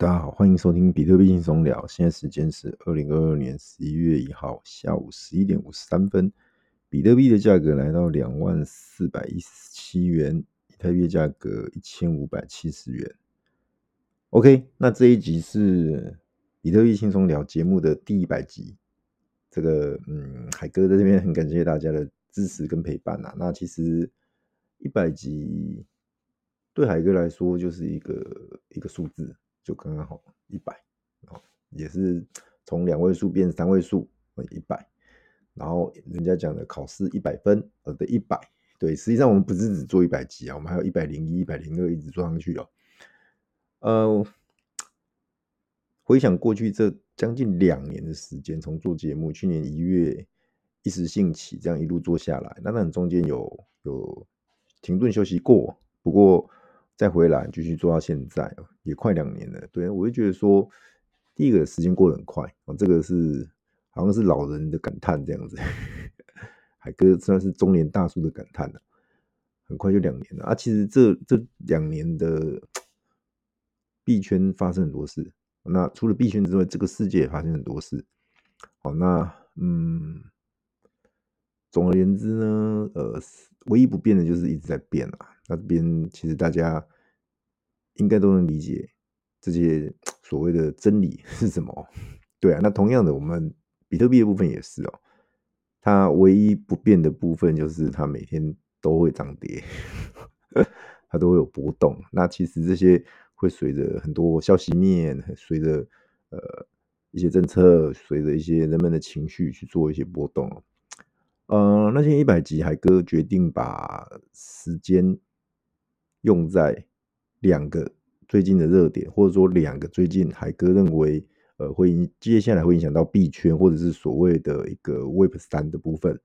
大家好，歡迎收聽比特幣輕鬆聊。現在時間是二零二二年十一月一號下午十一點五十三分。比特幣的價格來到兩萬四百一十七元，以太幣價格一千五百七十元。OK，那這一集是比特幣輕鬆聊節目的第一百集。這個，嗯，海哥在這邊很感謝大家的支持跟陪伴吶、啊。那其實一百集對海哥來說就是一個一個數字。就剛剛好一百啊，100, 也是從兩位數變三位數，一百。然後人家講的考試一百分，我的一百。對，實際上我們不是只做一百集啊，我們還有一百零一、一百零二，一直做上去哦。呃，回想過去這將近兩年的時間，從做節目，去年一月一時興起，這樣一路做下來，那當然中間有有停頓休息過，不過。再回來繼續做到現在，也快兩年了。對，我就覺得說，第一個時間過得很快，哦、這個是好像是老人的感嘆這樣子。呵呵海哥算是中年大叔的感嘆了，很快就兩年了啊。其實這這兩年的幣圈發生很多事，那除了幣圈之外，這個世界也發生很多事。好、哦，那嗯，總而言之呢，呃，唯一不變的就是一直在變啊。那這邊其實大家。應該都能理解這些所謂的真理是什麼，對啊。那同樣的，我們比特幣的部分也是哦。它唯一不變的部分就是它每天都會漲跌，呵呵它都會有波動。那其實這些會隨着很多消息面，隨着呃一些政策，隨着一些人們的情緒去做一些波動嗯、呃，那現在一百集海哥決定把時間用在。兩個最近的熱點，或者說兩個最近海哥認為，呃，會接下來會影響到幣圈，或者是所謂的一個 Web 三的部分。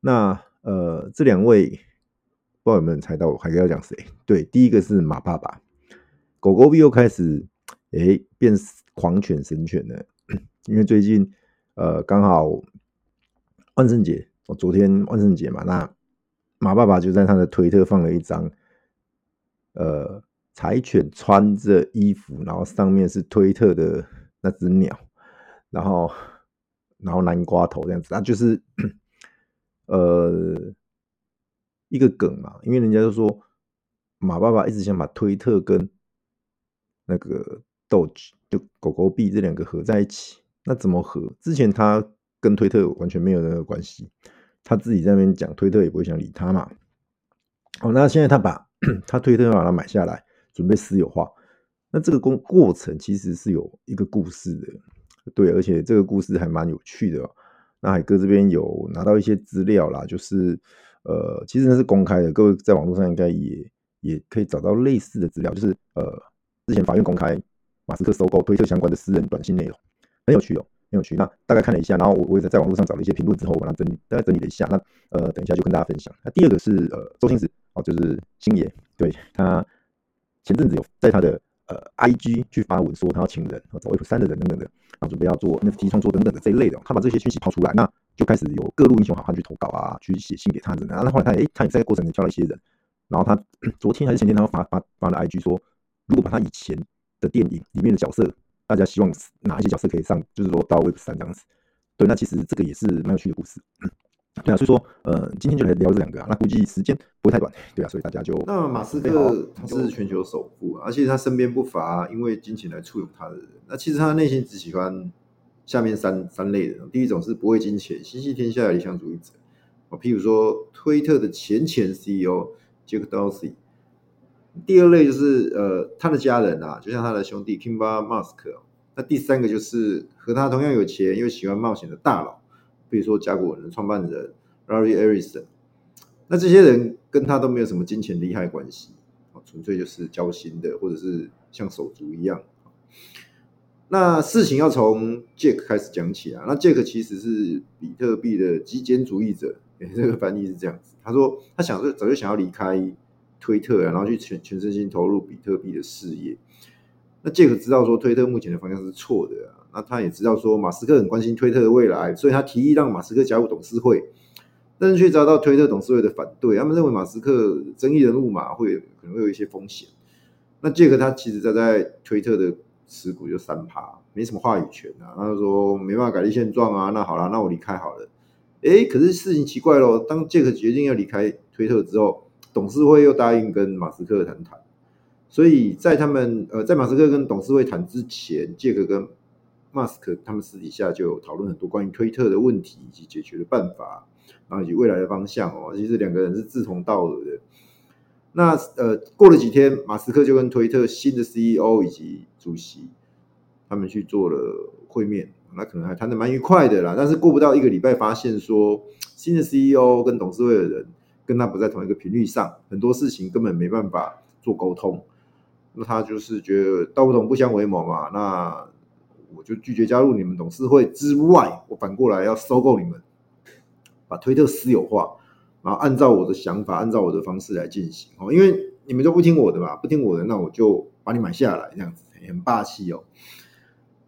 那呃，這兩位不知道有沒有人猜到，我海哥要講誰？對，第一個是馬爸爸，狗狗幣又開始哎變狂犬神犬了，因為最近呃剛好萬聖節，我昨天萬聖節嘛，那馬爸爸就在他的推特放了一張，呃。柴犬穿着衣服，然後上面是推特的那只鳥，然後然後南瓜頭這樣子，那就是呃一個梗嘛，因為人家就說馬爸爸一直想把推特跟那個 Doge 就狗狗幣這兩個合在一起，那怎麼合？之前他跟推特完全沒有任何關係，他自己在那邊講推特也不會想理他嘛。哦，那現在他把他推特把它買下來。準備私有化，那這個過過程其實是有一個故事的，對，而且這個故事還蠻有趣的。那海哥這邊有拿到一些資料啦，就是呃，其實那是公開的，各位在網絡上應該也也可以找到類似的資料，就是呃，之前法院公開馬斯克收購推特相關的私人短信內容，很有趣哦，很有趣。那大概看了一下，然後我我也在在網絡上找了一些評論之後，我把它整理大概整理了一下，那呃，等一下就跟大家分享。那第二個是呃，周星馳哦，就是星爺，對，他。前陣子有在他的呃 IG 去發文說他要請人，找 Web3 的人等等的。然、啊、後準備要做 NFT 創作等等的這一類的、哦，他把這些訊息拋出來，那就開始有各路英雄好漢去投稿啊，去寫信給他人、啊。然後後來他哎、欸，他也在過程中叫了一些人。然後他、嗯、昨天還是前天他，他發發發了 IG 說，如果把他以前的電影裡面的角色，大家希望哪一些角色可以上，就是說到 Web3 這樣子。對，那其實這個也是蠻有趣的故事。嗯對啊，所以說，呃，今天就來聊這兩個啊。那估計時間不太短，對啊，所以大家就那馬斯克他是全球首富啊，而且他身邊不乏因為金錢來簇擁他的人。那其實他內心只喜歡下面三三類人：第一種是不為金錢、心繫天下的理想主義者，哦，譬如說推特的前前 CEO 傑克多西；第二類就是呃，他的家人啊，就像他的兄弟 Kimbal Musk，哦，那第三個就是和他同樣有錢又喜歡冒險的大佬。比如說，甲骨文的創辦人 Larry Ellison，那這些人跟他都沒有什麼金錢利害的關係，純粹就是交心的，或者是像手足一樣。那事情要從 Jack 開始講起啊，那 Jack 其實是比特幣的極簡主義者，欸、這個翻譯是這樣子。他說，他想說，早就想要離開推特，啊，然後去全全身心投入比特幣的事業。那 Jack 知道說，推特目前的方向是錯的啊。那他也知道說馬斯克很關心推特的未來，所以他提議讓馬斯克加入董事會，但是卻遭到推特董事會的反對。他們認為馬斯克爭議的路馬會可能會有一些風險。那傑克他其實在在推特的持股就三趴，沒什麼話語權啊。他就說沒辦法改變現狀啊。那好啦，那我離開好了。欸，可是事情奇怪咯，當傑克決定要離開推特之後，董事會又答應跟馬斯克談談。所以在他們呃，在馬斯克跟董事會談之前，傑克跟馬斯克他們私底下就討論很多關於推特的問題以及解決的辦法，然後以及未來的方向哦。其實兩個人是志同道合的。那呃，過了幾天，馬斯克就跟推特新的 CEO 以及主席他們去做了會面，那可能還談得蠻愉快的啦。但是過不到一個禮拜，發現說新的 CEO 跟董事會的人跟他不在同一個頻率上，很多事情根本沒辦法做溝通。那他就是覺得道不同不相為謀嘛。那我就拒絕加入你們董事會之外，我反過來要收購你們，把推特私有化，然後按照我的想法，按照我的方式來進行哦。因為你們都不聽我的嘛，不聽我的，那我就把你買下來，這樣子很霸氣哦。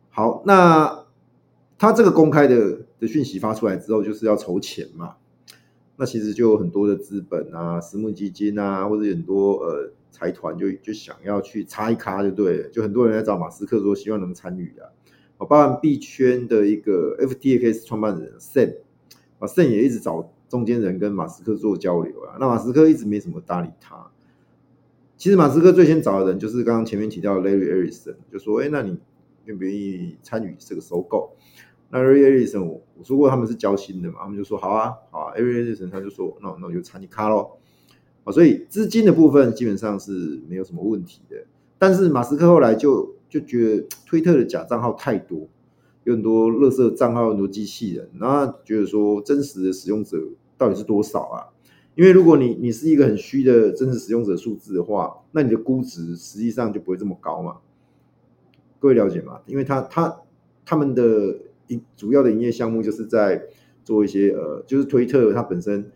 好，那他這個公開的的訊息發出來之後，就是要籌錢嘛。那其實就有很多的資本啊、私募基金啊，或者很多呃財團，就就想要去插一咖，就對了。就很多人在找馬斯克說，希望能參與的我八萬幣圈的一個 FTX 創辦人 Sam 啊，Sam 也一直找中間人跟馬斯克做交流啊。那馬斯克一直沒什麼搭理他。其實馬斯克最先找的人就是剛剛前面提到的 Larry Ellison，就說：“哎，那你願不願意參與這個收購？”那 Larry Ellison，我我說過他們是交心的嘛，他們就說：“好啊好，啊，Larry Ellison 他就說：那那我就參與卡咯啊，所以資金的部分基本上是沒有什麼問題的。但是馬斯克後來就。就覺得推特的假賬號太多，有很多垃圾賬號，很多機器人。然後覺得說真實的使用者到底是多少啊？因為如果你你是一個很虛的真實使用者數字的話，那你的估值實際上就不會這麼高嘛。各位了解嗎？因為他他他們的一主要的營業項目就是在做一些呃，就是推特它本身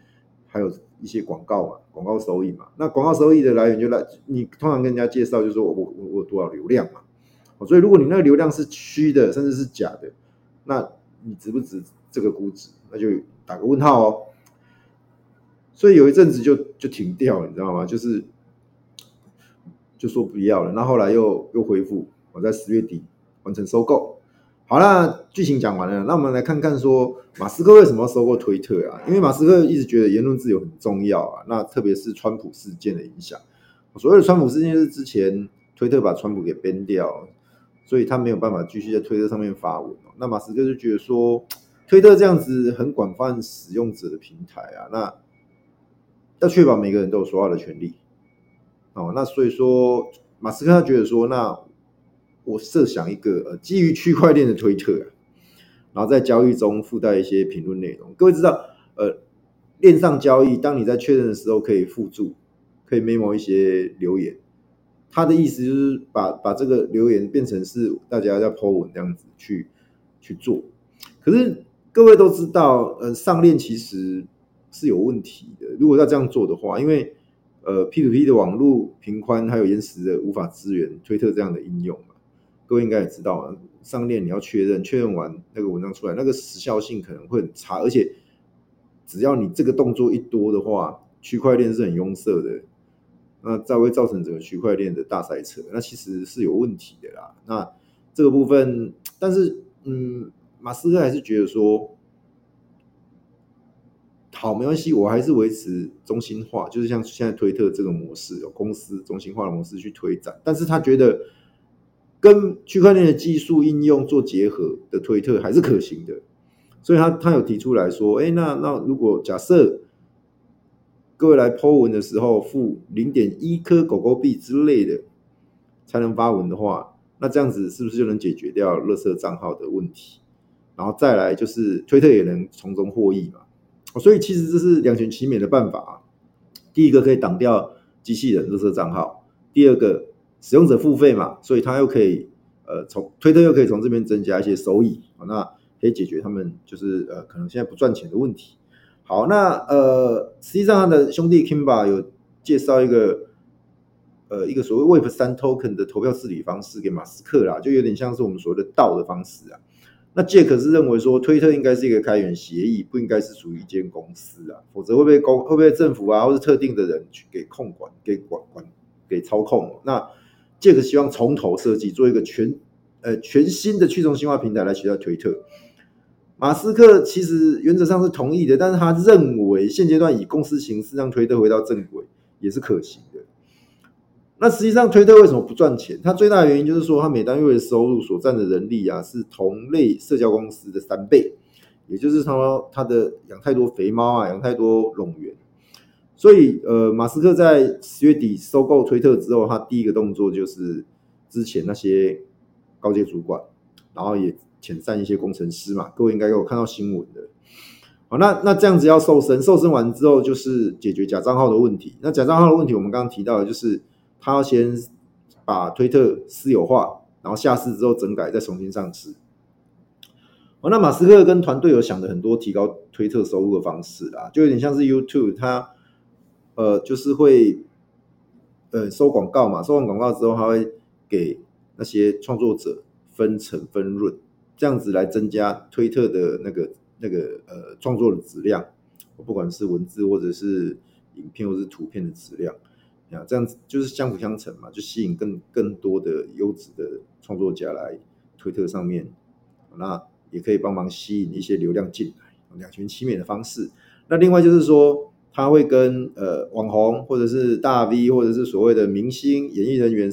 還有一些廣告嘛，廣告收益嘛。那廣告收益的來源就來你通常跟人家介紹就是說我我我我有多少流量嘛。所以，如果你那個流量是虛的，甚至是假的，那你值不值這個估值？那就打個問號哦。所以有一陣子就就停掉了，你知道嗎？就是就說不要了。那後來又又恢復。我在十月底完成收購。好了，劇情講完了，那我們來看看說馬斯克為什麼要收購推特啊？因為馬斯克一直覺得言論自由很重要啊。那特別是川普事件的影響。所謂的川普事件就是之前推特把川普給 ban 掉。所以他沒有辦法繼續在推特上面發文哦。那馬斯克就覺得說，推特這樣子很廣泛使用者的平台啊，那要確保每個人都有說話的權利哦。那所以說，馬斯克他覺得說，那我設想一個呃基於區塊鏈的推特啊，然後在交易中附帶一些評論內容。各位知道，呃，鏈上交易，當你在確認的時候，可以附注，可以 memo 一些留言。他的意思就是把把這個留言變成是大家在 PO 文這樣子去去做，可是各位都知道，呃，上鏈其實是有問題的。如果要這樣做的話，因為呃 P2P 的網絡頻寬還有延時的無法支援推特這樣的應用嘛，各位應該也知道啊，上鏈你要確認，確認完那個文章出來，那個時效性可能會很差，而且只要你這個動作一多的話，區塊鏈是很擁塞的。那再會造成整個區塊鏈的大塞車，那其實是有問題的啦。那這個部分，但是，嗯，馬斯克還是覺得說，好，沒關係，我還是維持中心化，就是像現在推特這個模式，公司中心化的模式去推展。但是他覺得跟區塊鏈的技術應用做結合的推特還是可行的，所以他他有提出來說，哎，那那如果假設。各位來 Po 文的時候付零點一顆狗狗幣之類的才能發文的話，那這樣子是不是就能解決掉垃圾賬號的問題？然後再來就是推特也能從中獲益嘛，所以其實這是兩全其美的辦法。第一個可以擋掉機器人垃圾賬號，第二個使用者付費嘛，所以他又可以呃從推特又可以從這邊增加一些收益，那可以解決他們就是呃可能現在不賺錢的問題。好，那呃，實際上他的兄弟 Kimba 有介紹一個，呃，一個所謂 Web 三 Token 的投票治理方式給馬斯克啦，就有點像是我們所謂的道的方式啊。那 Jack 是認為說，推特應該是一個開源協議，不應該是屬於一間公司啊，否則會被公會被政府啊或是特定的人去給控管、給管管、給操控。那 Jack 希望從頭設計做一個全呃全新的去中心化平台來取代推特。馬斯克其實原則上是同意的，但是他認為現階段以公司形式讓推特回到正軌也是可行的。那實際上推特為什麼不賺錢？他最大的原因就是說，他每單月的收入所佔的人力啊，是同類社交公司的三倍，也就是他他的養太多肥貓啊，養太多冗員。所以，呃，馬斯克在十月底收購推特之後，他第一個動作就是之前那些高階主管，然後也。遣散一些工程師嘛，各位應該有看到新聞的。好，那那這樣子要瘦身，瘦身完之後就是解決假賬號的問題。那假賬號的問題，我們剛剛提到的就是他要先把推特私有化，然後下市之後整改，再重新上市。那馬斯克跟團隊有想了很多提高推特收入的方式啦，就有點像是 YouTube，他呃就是會、呃、收廣告嘛，收完廣告之後，他會給那些創作者分成分潤。這樣子來增加推特的那個那個呃創作的質量，不管是文字或者是影片或者是圖片的質量，啊這樣子就是相輔相成嘛，就吸引更更多的優質的創作家來推特上面，那也可以幫忙吸引一些流量進來，兩全其美的方式。那另外就是說，他會跟呃網紅或者是大 V 或者是所謂的明星演藝人員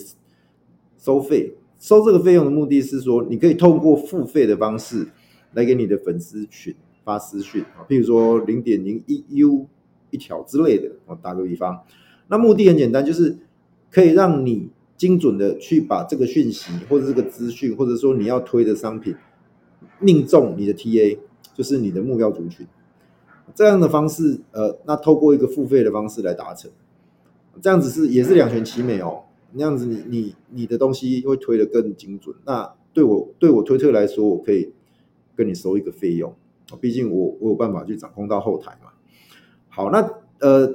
收費。收這個費用的目的是說，你可以透過付費的方式來給你的粉絲群發私訊啊，譬如說零點零一 U 一條之類的啊，打個比方。那目的很簡單，就是可以讓你精準的去把這個訊息或者這個資訊，或者說你要推的商品，命中你的 TA，就是你的目標族群。這樣的方式，呃，那透過一個付費的方式來達成，這樣子是也是兩全其美哦。那樣子，你你你的東西會推得更精準。那對我對我推特來說，我可以跟你收一個費用，畢竟我我有辦法去掌控到後台嘛。好，那呃，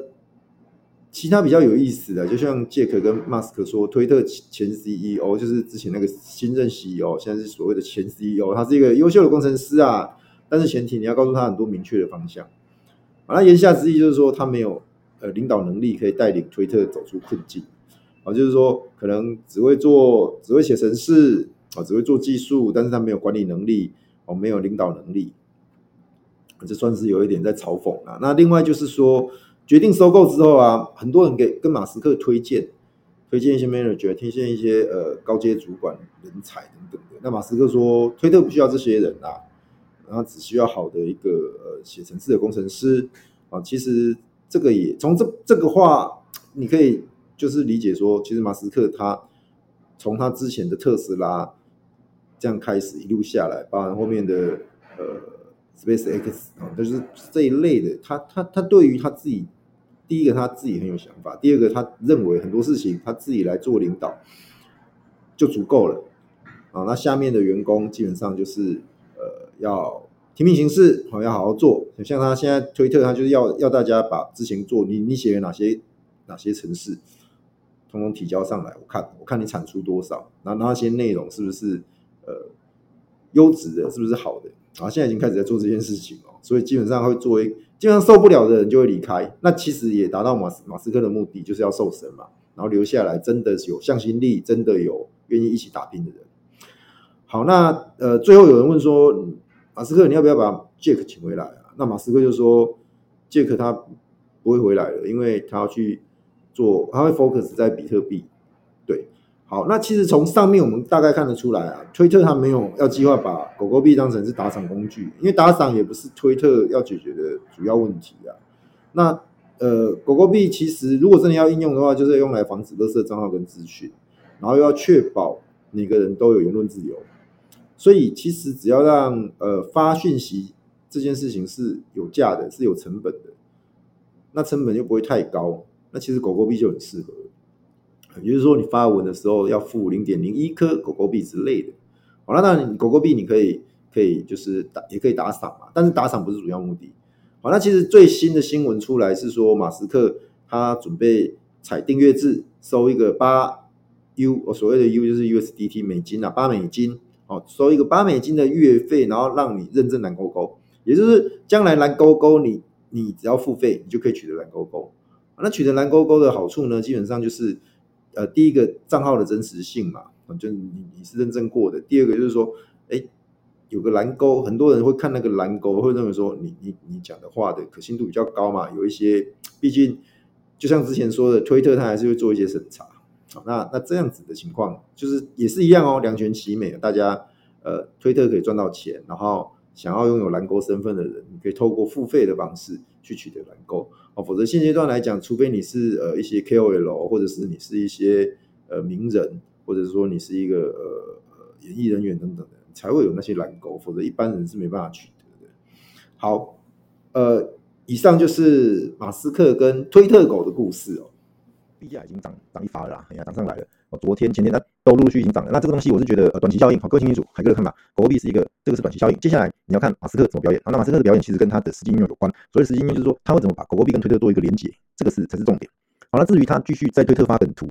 其他比較有意思的，就像傑克跟馬斯克說，推特前前 CEO 就是之前那個新任 CEO，現在是所謂的前 CEO，他是一個優秀的工程師啊。但是前提你要告訴他很多明確的方向。那言下之意就是說，他沒有呃領導能力，可以帶領推特走出困境。啊，就是說，可能只會做，只會寫程式，啊，只會做技術，但是他沒有管理能力，哦，沒有領導能力，這算是有一點在嘲諷啊。那另外就是說，決定收購之後啊，很多人給跟馬斯克推薦，推薦一些 manager，推薦一些呃高階主管人才等等的。那馬斯克說，推特不需要這些人啦，然後只需要好的一個呃寫程式的工程師。啊，其實這個也從這這個話，你可以。就是理解說，其實馬斯克他從他之前的特斯拉這樣開始一路下來，包含後面的呃 Space X 啊、哦，就是這一類的。他他他對於他自己，第一個他自己很有想法，第二個他認為很多事情他自己來做領導就足夠了啊、哦。那下面的員工基本上就是呃要聽命行事，好、哦、要好好做。像他現在推特，他就是要要大家把之前做你你寫了哪些哪些程式。成功提交上來，我看，我看你產出多少，然後，那些內容是不是呃優質的，是不是好的？然後現在已經開始在做這件事情了，所以基本上會作為，基本上受不了的人就會離開。那其實也達到馬斯馬斯克的目的，就是要瘦身嘛。然後留下來真的有向心力，真的有願意一起打拼的人。好，那呃最後有人問說，嗯，馬斯克你要不要把傑克請回來，啊？那馬斯克就說，傑克他不會回來了，因為他要去。做，他會 focus 在比特幣，對，好，那其實從上面我們大概看得出來啊，推特它沒有要計劃把狗狗幣當成是打賞工具，因為打賞也不是推特要解決的主要問題啊。那呃，狗狗幣其實如果真的要應用的話，就是用來防止垃圾賬號跟資訊，然後又要確保每個人都有言論自由。所以其實只要讓呃發訊息這件事情是有價的，是有成本的，那成本又不會太高，那其實狗狗幣就很適合，也就是說，你發文的時候要付零點零一顆狗狗幣之類的。好了，那當然狗狗幣你可以可以就是打也可以打賞嘛，但是打賞不是主要目的。好，那其實最新的新聞出來是說，馬斯克他準備採訂閱制，收一個八 U，所謂的 U 就是 USDT 美金啊，八美金哦，收一個八美金的月費，然後讓你認證藍勾勾，也就是將來藍勾勾，你你只要付費，你就可以取得藍勾勾。那取得藍勾勾的好處呢，基本上就是，呃，第一個賬號的真實性嘛，反正你你是認證過的；第二個就是說，哎，有個藍勾，很多人會看那個藍勾，會認為說你你你講的話的可信度比較高嘛。有一些，畢竟就像之前說的，推特它還是會做一些審查。好，那那這樣子的情況就是也是一樣哦，兩全其美，大家呃，推特可以賺到錢，然後。想要擁有藍鉤身份的人，你可以透過付費的方式去取得藍鉤哦。否則現階段來講，除非你是呃一些 KOL，或者是你是一些呃名人，或者是說你是一個呃演藝人員等等的，才會有那些藍鉤。否則一般人是沒辦法取得的。好，呃，以上就是馬斯克跟推特狗的故事哦。畢竟已經漲漲一發了，哎漲上來了。昨天、前天、他。都陸陸續續漲了，那這個東西我是覺得呃短期效應。好，各位聽清楚，海哥的看法，狗狗幣是一個這個是短期效應。接下來你要看馬斯克怎麼表演。好，那馬斯克的表演其實跟他的實際應用有關。所以實際應用就是說他會怎麼把狗狗幣跟推特做一個連接，這個是才是重點。好了，那至於他繼續在推特發梗圖，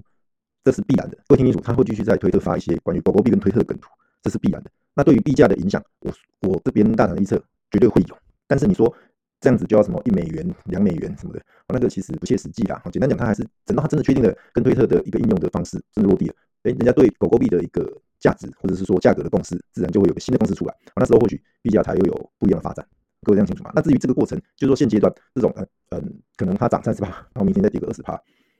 這是必然的。各位聽清楚，他會繼續在推特發一些關於狗狗幣跟推特的梗圖，這是必然的。那對於幣價的影響，我我這邊大膽的預測絕對會有。但是你說這樣子就要什麼一美元、兩美元什麼的，那個其實不切實際啦、啊。好，簡單講，他還是等到他真的確定了跟推特的一個應用的方式真的落地了。哎，人家對狗狗幣的一個價值或者是說價格的共識，自然就會有個新的共識出來。那時候或許幣價才又有不一樣的發展，各位這樣清楚嗎？那至於這個過程，就是、說現階段這種，嗯、呃、嗯、呃，可能它漲三十趴，然後明天再跌個二十趴，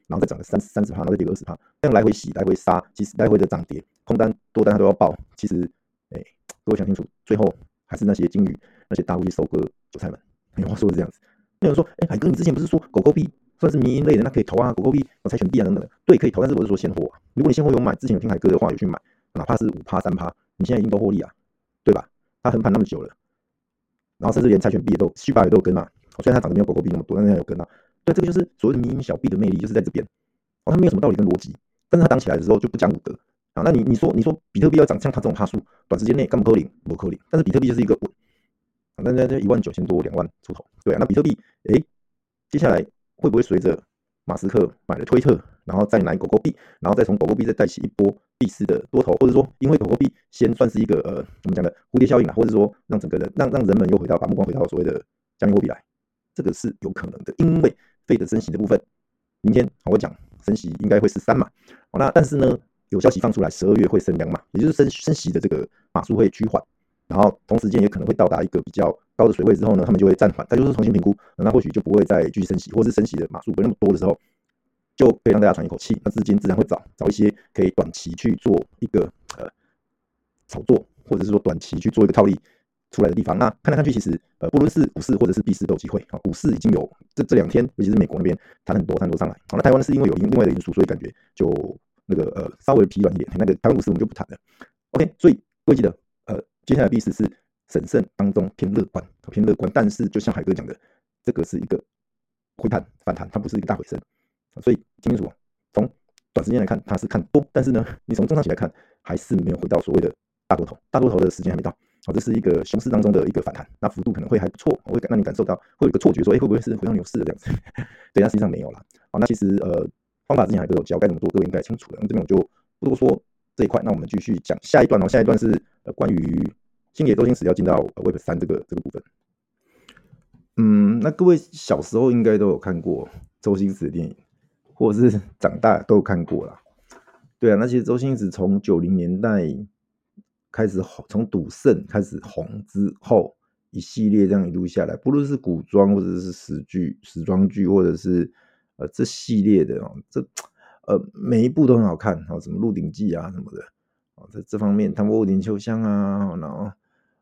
然後再漲個三三十趴，再跌個二十趴，這樣來回洗來回殺，其實來回的漲跌，空單多單它都要爆。其實，哎、欸，各位想清楚，最後還是那些鯨魚、那些大戶去收割韭菜們。有、欸、話說的是這樣子。那有人說，哎、欸，海哥你之前不是說狗狗幣？算是迷因類的，那可以投啊，狗狗幣、我柴犬幣啊等等的。對，可以投，但是我是說現貨啊。如果你現貨有買，之前有聽海哥的話有去買，哪怕是五趴三趴，你現在已經都獲利啊，對吧？它橫盤那麼久了，然後甚至連柴犬幣也都七八也都有跟啊。雖然它漲的沒有狗狗幣那麼多，但是它有跟啊。對，這個就是所謂的迷因小幣的魅力，就是在這邊。哦，它沒有什麼道理跟邏輯，但是它漲起來的時候就不講武德啊。那你你說你說比特幣要漲像它這種趴數，短時間內根本不合理，不合理。但是比特幣就是一個，啊，那那那一萬九千多兩萬出頭，對啊。那比特幣誒，接下來。會不會隨着馬斯克買了推特，然後再買狗狗幣，然後再從狗狗幣再帶起一波幣市的多頭？或者說，因為狗狗幣先算是一個呃，怎麼講的蝴蝶效應啊？或者說，讓整個的讓讓人們又回到把目光回到所謂的加密貨幣來，這個是有可能的。因為 Fed 的升息的部分，明天我會講升息應該會是三碼。好，那但是呢，有消息放出來，十二月會升兩碼，也就是升升息的這個碼數會趨緩。然後同時間也可能會到達一個比較高的水位之後呢，他們就會暫緩，再就是重新評估，那或許就不會再繼續升息，或者是升息的碼數不會那麼多的時候，就可以讓大家喘一口氣。那資金自然會找找一些可以短期去做一個呃炒作，或者是說短期去做一個套利出來的地方。那看來看去，其實呃不論是股市或者是幣市都有機會啊。股市已經有這這兩天，尤其是美國那邊談很多談很多上來。好，那台灣是因為有另另外的因素，所以感覺就那個呃稍微疲軟一點。那個台灣股市我們就不談了。OK，所以各位記得，接下來必然是審慎當中偏樂觀，偏樂觀。但是就像海哥講的，這個是一個回探反彈，它不是一個大回升。所以聽清楚，從短時間來看，它是看多，但是呢，你從中長期來看，還是沒有回到所謂的大多頭，大多頭的時間還沒到。好，這是一個熊市當中的一個反彈，那幅度可能會還不錯，會讓你感受到會有一個錯覺說，說、欸、哎會不會是回到牛市的這樣子？ 對，但實際上沒有啦。好，那其實呃方法之前海哥有教，該怎麼做各位應該清楚了。那這邊我就不多說這一塊，那我們繼續講下一段哦，下一段是。呃，關於星爺周星馳要進到 Web3 這個這個部分。嗯，那各位小時候應該都有看過周星馳的電影，或者是長大都有看過了，對啊，那些周星馳從九零年代開始紅，從賭聖開始紅之後，一系列這樣一路下來，不論是古裝或者是時劇時裝劇，或者是呃這系列的哦、喔，這呃每一部都很好看哦、喔，什麼《鹿鼎記》啊什麼的。哦，在這方面，他們唐伯虎點秋香啊，然後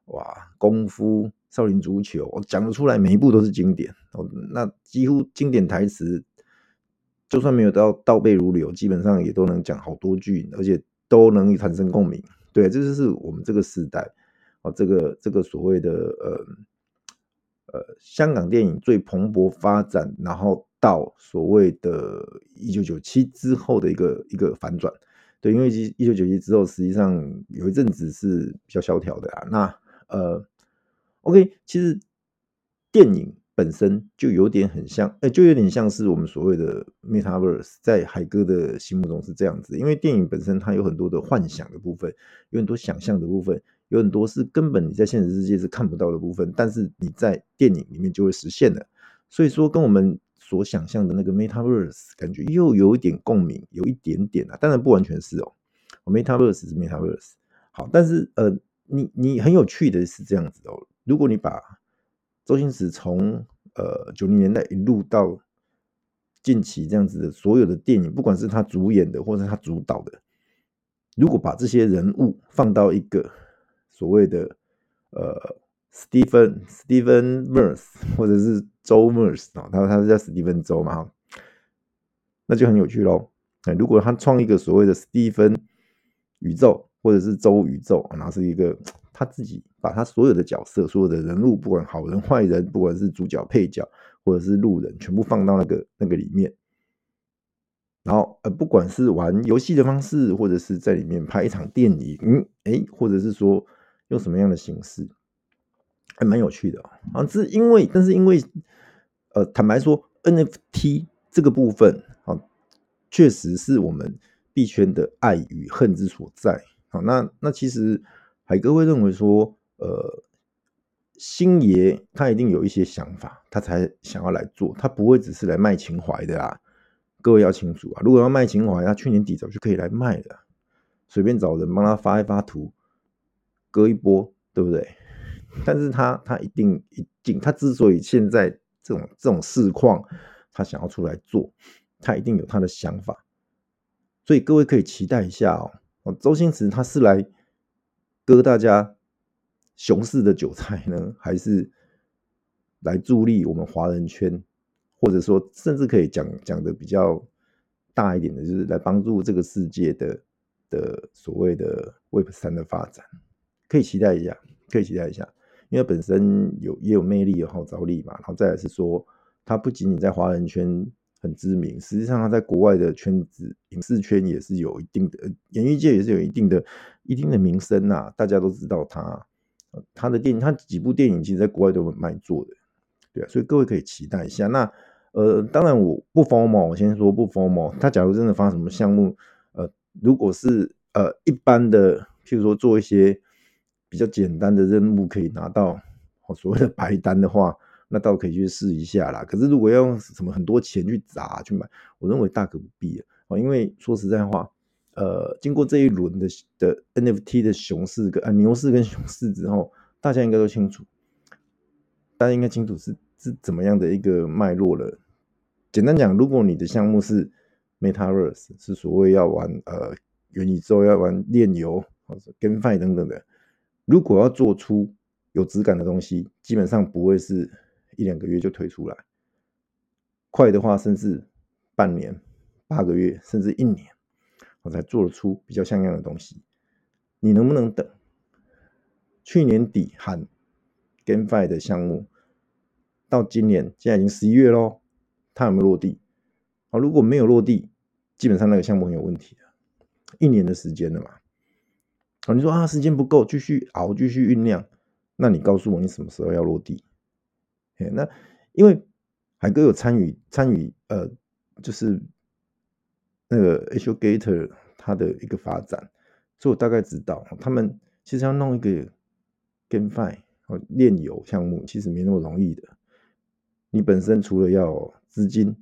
哇，功夫、少林足球，我、哦、講得出來，每一部都是經典。哦，那幾乎經典台詞，就算沒有到倒背如流，基本上也都能講好多句，而且都能產生共鳴。對，這就是我們這個時代，哦，這個這個所謂的呃呃，香港電影最蓬勃發展，然後到所謂的一九九七之後的一個一個反轉。對，因為一九九七之後，實際上有一陣子是比較蕭條的啊。那呃，OK，其實電影本身就有點很像，哎、欸，就有點像是我們所謂的 metaverse，在海哥的心目中是這樣子。因為電影本身它有很多的幻想的部分，有很多想象的部分，有很多是根本你在現實世界是看不到的部分，但是你在電影裡面就會實現的。所以說，跟我們所想象的那個 Metaverse 感覺又有一點共鳴，有一點點啊，當然不完全是哦。哦 metaverse 是 Metaverse，好，但是呃，你你很有趣的是這樣子哦。如果你把周星馳從呃九零年代一路到近期這樣子的所有的電影，不管是他主演的或者是他主導的，如果把這些人物放到一個所謂的呃 Stephen Stephen Verse 或者是周 verse 啊，他他是叫史蒂芬周嘛，那就很有趣嘍、呃。如果他創一個所謂的史蒂芬宇宙，或者是周宇宙，然後是一個他自己把他所有的角色、所有的人物，不管好人壞人，不管是主角、配角，或者是路人，全部放到那個那個裡面，然後呃，不管是玩遊戲的方式，或者是在裡面拍一場電影，嗯、誒，或者是說用什麼樣的形式？蠻有趣的啊，啊這因為但是因為呃，坦白說，NFT 這個部分啊，確實是我們幣圈的愛與恨之所在。好、啊，那那其實海哥會認為說，呃，星爺他一定有一些想法，他才想要來做，他不會只是來賣情懷的啦、啊。各位要清楚啊，如果要賣情懷，他去年底早就可以來賣了、啊，隨便找人幫他發一發圖，割一波，對不對？但是他他一定一定，他之所以現在這種這種市況，他想要出來做，他一定有他的想法，所以各位可以期待一下哦，周星馳他是來割大家熊市的韭菜呢，還是來助力我們華人圈，或者說甚至可以講講得比較大一點的，就是來幫助這個世界的的所謂的 Web 三的發展，可以期待一下，可以期待一下。因為本身有也有魅力有號召力嘛，然後再來是說，他不僅僅在華人圈很知名，實際上他在國外的圈子、影視圈也是有一定的，呃、演藝界也是有一定的一定的名聲吶、啊，大家都知道他、呃，他的電影，他幾部電影其實在國外都很賣座的，對、啊，所以各位可以期待一下。那呃，當然我不 form，我先說不 form，他假如真的發什麼項目，呃，如果是呃一般的，譬如說做一些。比較簡單的任務可以拿到，哦，所謂的白單的話，那倒可以去試一下啦。可是如果要用什麼很多錢去砸去買，我認為大可不必啊。哦，因為說實在話，呃，經過這一輪的的 NFT 的熊市跟，呃，牛市跟熊市之後，大家應該都清楚，大家應該清楚是是怎麼樣的一個脈絡了。簡單講，如果你的項目是 Metaverse，是所謂要玩呃元宇宙要玩鏈遊，或者 GameFi 等等的。如果要做出有質感的東西，基本上不會是一兩個月就推出來。快的話，甚至半年、八個月，甚至一年，我才做得出比較像樣的東西。你能不能等？去年底喊 GameFi 的項目，到今年現在已經十一月咯，它有沒有落地？啊，如果沒有落地，基本上那個項目很有問題的。一年的時間了嘛。哦、你說啊，時間不夠，繼續熬，繼續醞釀。那你告訴我，你什麼時候要落地？嘿，那因為海哥有參與參與，呃，就是那個 AUGATER 它的一個發展，所以我大概知道，哦、他們其實要弄一個 GameFi 哦、鏈遊項目，其實沒那麼容易的。你本身除了要資金，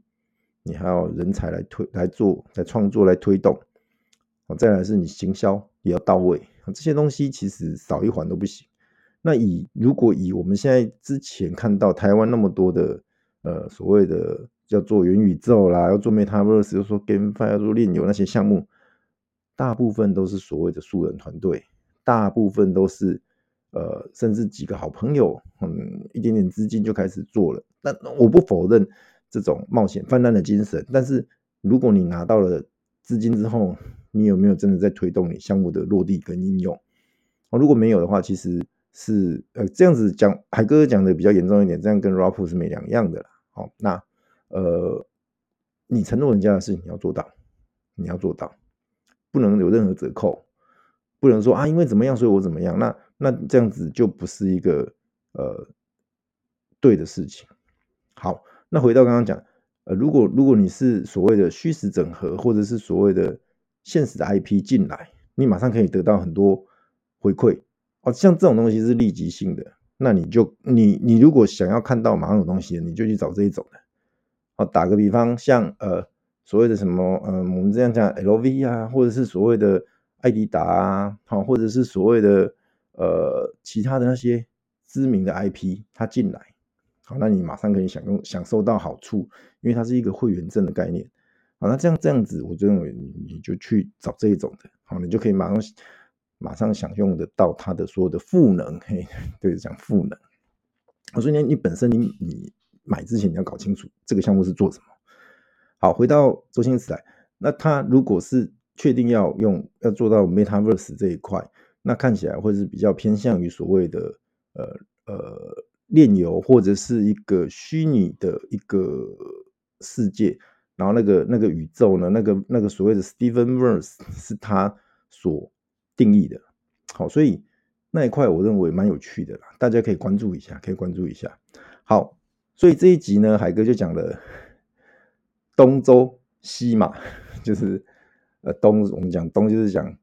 你還要有人才來推來做、來創作、來推動。哦、再來是你行銷也要到位。這些東西其實少一環都不行。那以如果以我們現在之前看到台灣那麼多的呃，所謂的叫做元宇宙啦，要做 Metaverse，又說 GameFi，要做鏈遊那些項目，大部分都是所謂的素人團隊，大部分都是呃，甚至幾個好朋友，嗯，一點點資金就開始做了。那我不否認這種冒險犯難的精神，但是如果你拿到了。資金之後，你有沒有真的在推動你項目的落地跟應用？哦，如果沒有的話，其實是呃這樣子講，海哥哥講的比較嚴重一點，這樣跟 rapper 是沒兩樣的啦。好、哦，那呃你承諾人家的事情，你要做到，你要做到，不能有任何折扣，不能說啊因為怎麼樣所以我怎麼樣，那那這樣子就不是一個呃對的事情。好，那回到剛剛講。呃，如果如果你是所謂的虛實整合，或者是所謂的現實的 IP 進來，你馬上可以得到很多回饋哦。像這種東西是立即性的，那你就你你如果想要看到馬上有東西的，你就去找這一種的哦。打個比方，像呃所謂的什麼嗯，呃，我們這樣講 LV 啊，或者是所謂的愛迪達啊，哦，或者是所謂的呃其他的那些知名的 IP，他進來。好，那你馬上可以享用享受到好處，因為它是一個會員證的概念。好，那這樣這樣子，我認為你你就去找這一種的，好，你就可以馬上馬上享用得到它的所有的賦能。嘿，對，講賦能。我說你你本身你你買之前你要搞清楚這個項目是做什麼。好，回到周星馳來，那他如果是確定要用要做到 Metaverse 這一塊，那看起來會是比較偏向於所謂的呃呃。呃煉油，或者是一個虛擬的一個世界，然後那個那個宇宙呢，那個那個所謂的 Stevenverse 是他所定義的。好，所以那一塊我認為蠻有趣的啦，大家可以關注一下，可以關注一下。好，所以這一集呢，海哥就講了東周西馬，就是呃東，我們講東就是講。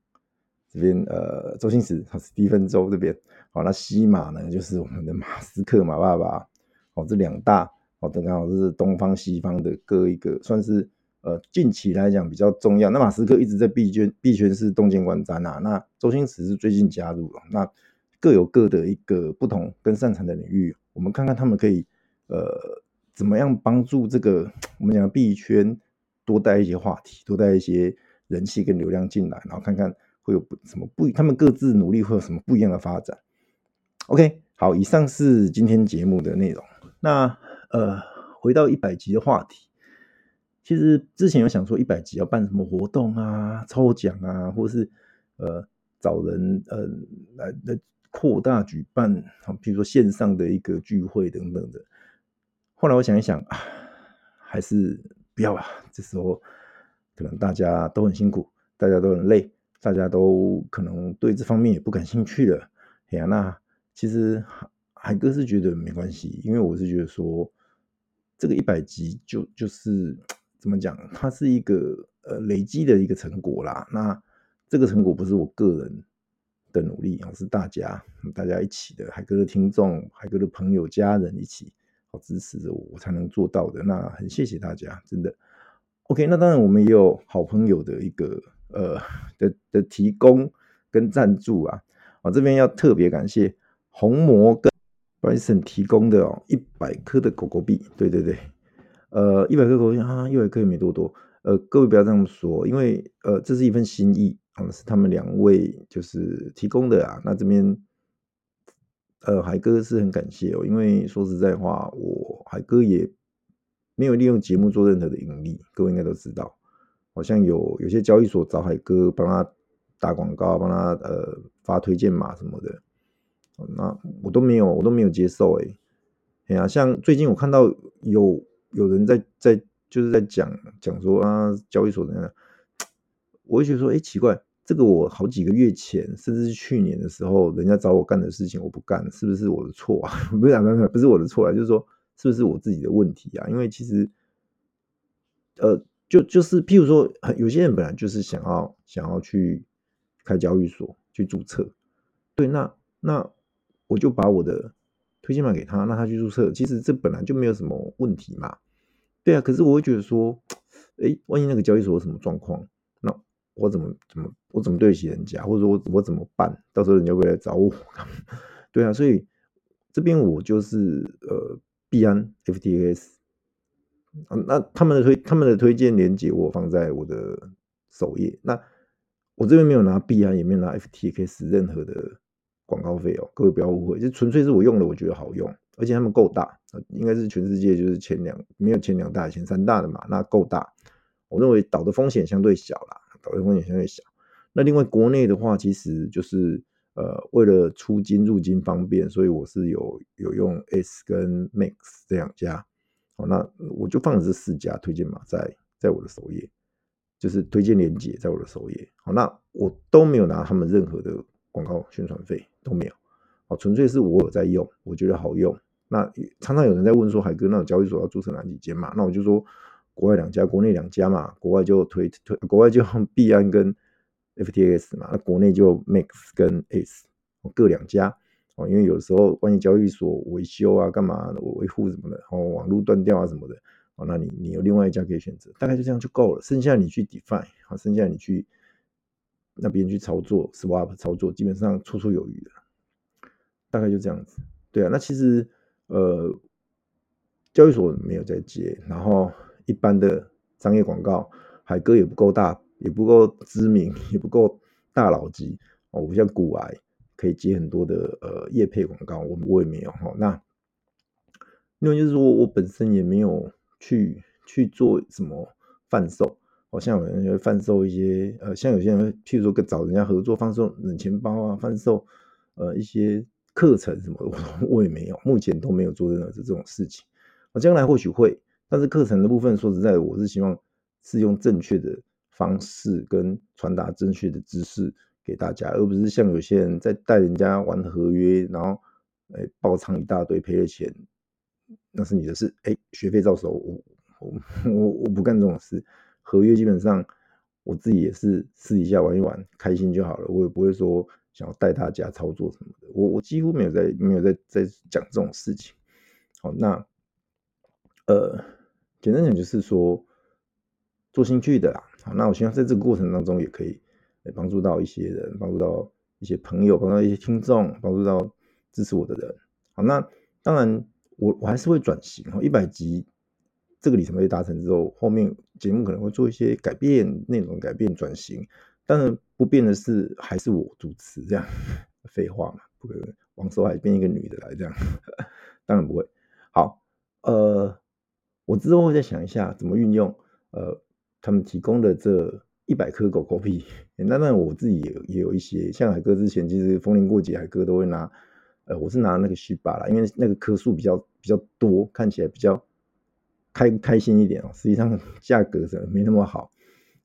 這邊呃，周星馳，史蒂芬周這邊，好、哦、那西馬呢就是我們的馬斯克馬爸爸，好這兩大哦，剛好、哦等等哦、這是東方西方的各一個，算是呃近期來講比較重要。那馬斯克一直在幣圈，幣圈是東京管詹吶，那周星馳是最近加入了，那各有各的一個不同跟擅長的領域，我們看看他們可以呃怎麼樣幫助這個我們講幣圈多帶一些話題，多帶一些人氣跟流量進來，然後看看。會有什麼不？他們各自努力會有什麼不一樣的發展？OK，好，以上是今天節目的內容。那呃，回到一百集的話題，其實之前有想說一百集要辦什麼活動啊，抽獎啊，或者是呃找人呃來來，來擴大舉辦，比如說線上的一個聚會等等的。後來我想一想，啊，還是不要吧。這時候可能大家都很辛苦，大家都很累。大家都可能對這方面也不感興趣了，呀、啊，那其實海哥是覺得沒關係，因為我是覺得說這個一百集就就是怎麼講，它是一個呃累積的一個成果啦。那這個成果不是我個人的努力，而是大家大家一起的，海哥的聽眾、海哥的朋友、家人一起好支持着我，我才能做到的。那很謝謝大家，真的。OK，那當然我們也有好朋友的一個。呃的的提供跟贊助啊，我、啊、這邊要特別感謝紅魔跟白 i 提供的哦一百顆的狗狗幣，對對對，呃一百顆狗幣，啊又一百顆沒多多，呃各位不要這樣說，因為呃這是一份心意，啊、呃，是他們兩位就是提供的啊，那這邊呃海哥是很感謝哦，因為說實在話，我海哥也沒有利用節目做任何的盈利，各位應該都知道。好像有有些交易所找海哥幫他打廣告，幫他呃發推薦碼什麼的，那我都沒有，我都沒有接受哎、欸，哎呀、啊，像最近我看到有有人在在就是在講講說啊交易所怎樣，我就覺得說哎、欸，奇怪，這個我好幾個月前，甚至是去年的時候，人家找我幹的事情我不幹，是不是我的錯啊？不 是不是我的錯啊，就是說是不是我自己的問題啊？因為其實，呃。就就是，譬如說，有些人本來就是想要想要去開交易所去註冊，對，那那我就把我的推薦碼給他，讓他去註冊，其實這本來就沒有什麼問題嘛。對啊，可是我會覺得說，誒，萬一那個交易所有什麼狀況，那我怎麼怎麼我怎麼對得起人家，或者說我我怎麼辦？到時候人家會來找我。對啊，所以這邊我就是呃，幣安 FTX 啊、那他們的推他們的推薦鏈接我放在我的首頁。那我這邊沒有拿幣啊，也沒有拿 FTKs 任何的廣告費哦，各位不要誤會，就純粹是我用的，我覺得好用，而且他們夠大，啊、應該是全世界就是前兩沒有前兩大前三大的嘛，那夠大。我認為倒的風險相對小啦，倒的風險相對小。那另外國內的話，其實就是呃為了出金入金方便，所以我是有有用 ACE 跟 MAX 這兩家。好，那我就放了這四家推薦碼在在我的首頁，就是推薦鏈接在我的首頁。好，那我都沒有拿他們任何的廣告宣傳費，都沒有。好，純粹是我有在用，我覺得好用。那常常有人在問說，海哥那種交易所要註冊哪幾間嘛？那我就說，國外兩家，國內兩家嘛。國外就推推，國外就幣安跟 FTX 嘛。那國內就 MAX 跟 ACE，各兩家。哦，因為有時候關於交易所維修啊、幹嘛維護什麼的，哦，網絡斷掉啊什麼的，哦，那你你有另外一家可以選擇，大概就這樣就夠了。剩下你去 define 好，剩下你去那邊去操作 swap 操作，基本上綽綽有餘的，大概就這樣子。對啊，那其實呃，交易所沒有在接，然後一般的商業廣告，海哥也不夠大，也不夠知名，也不夠大佬級哦，不像股癌。可以接很多的呃業配廣告，我我也沒有、哦、那因為就是說，我本身也沒有去去做什麼販售，好、哦、像有些人會販售一些呃，像有些人會譬如說跟找人家合作販售冷錢包啊，販售呃一些課程什麼的，我我也沒有，目前都沒有做任何這這種事情。我、哦、將來或許會，但是課程的部分說實在的，我是希望是用正確的方式跟傳達正確的知識。給大家，而不是像有些人在帶人家玩合約，然後哎，爆倉一大堆賠了錢，那是你的事。哎，學費照收我我我，我，我不幹這種事。合約基本上我自己也是試一下玩一玩，開心就好了。我也不會說想要帶大家操作什麼的。我我幾乎沒有在沒有在在講這種事情。好，那呃，簡單講就是說做興趣的啦。好，那我希望在這個過程當中也可以。幫助到一些人，幫助到一些朋友，幫助到一些聽眾，幫助到支持我的人。好，那當然我，我我還是會轉型。一百集這個里程碑達成之後，後面節目可能會做一些改變，內容改變，轉型。當然不變的是，還是我主持。這樣廢話嘛，不可能，王守海變一個女的來這樣，當然不會。好，呃，我之後會再想一下怎麼運用，呃，他們提供的這。一百顆狗狗幣，那那我自己也也有一些。像海哥之前，其實逢年過節，海哥都會拿。呃，我是拿那個 Shiba 啦，因為那個顆數比較比較多，看起來比較開開心一點哦。實際上價格什麼沒那麼好。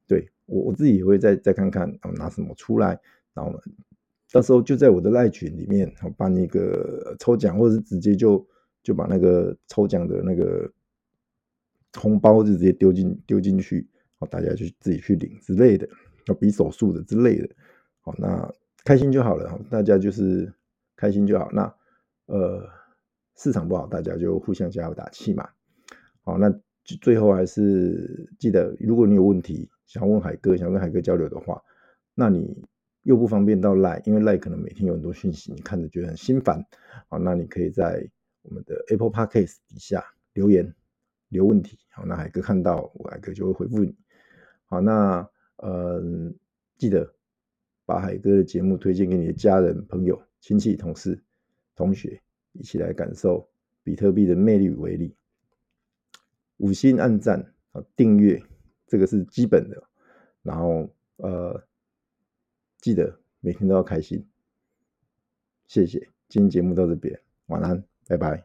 對，我我自己也會再再看看，啊，拿什麼出來，然後到時候就在我的賴群裡面，我辦那個抽獎，或者是直接就就把那個抽獎的那個紅包就直接丟進丟進去。大家去自己去領之類的，要比手速的之類的，好，那開心就好了，大家就是開心就好。那呃，市場不好，大家就互相加油打氣嘛。好，那最後還是記得，如果你有問題想問海哥，想跟海哥交流的話，那你又不方便到賴，因為賴可能每天有很多訊息，你看着覺得很心煩。好，那你可以在我們的 Apple Podcast 底下留言留問題，好，那海哥看到，我海哥就會回復你。好，那嗯、呃，記得把海哥的節目推薦給你的家人、朋友、親戚、同事、同學，一起來感受比特幣的魅力與威力。五星按讚啊，訂閱這個是基本的。然後呃，記得每天都要開心。謝謝，今天節目到這邊，晚安，拜拜。